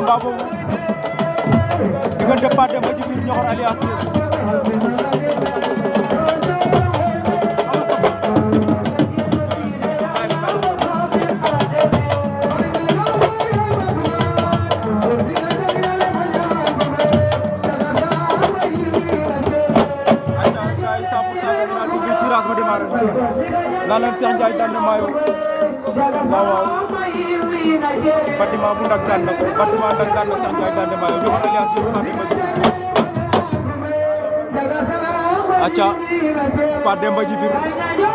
combat boobu diggante Pathé Mbadji Fine Niokor alias final la leen Cheikh Ndiaye daan na maayo waaw waaw bâtiment bu ndak daan na ko bâtiment ndak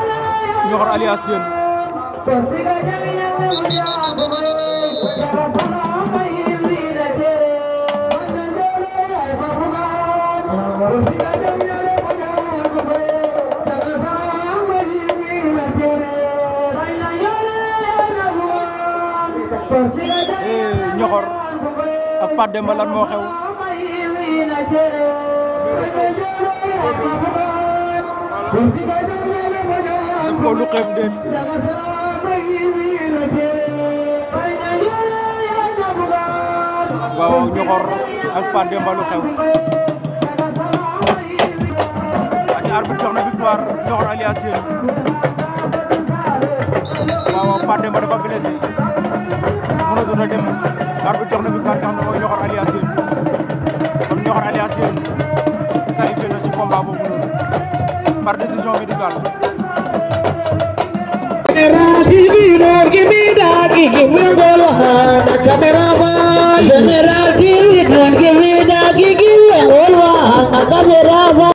ñoxor ak Pape Demba lan moo xew ko lu xew déet waaw ñoxor ak Pape Demba lu xew victoire ñoxor alias Diène waaw Demba dafa blessé na dem arbitre jox na victoire bi nga xam ne mooy Ñoxor Alias Diène kon Ñoxor Alias Diène qualifié na ci combat boobu noonu par décision médicale. raa gi bi noor gi bi daa gi gi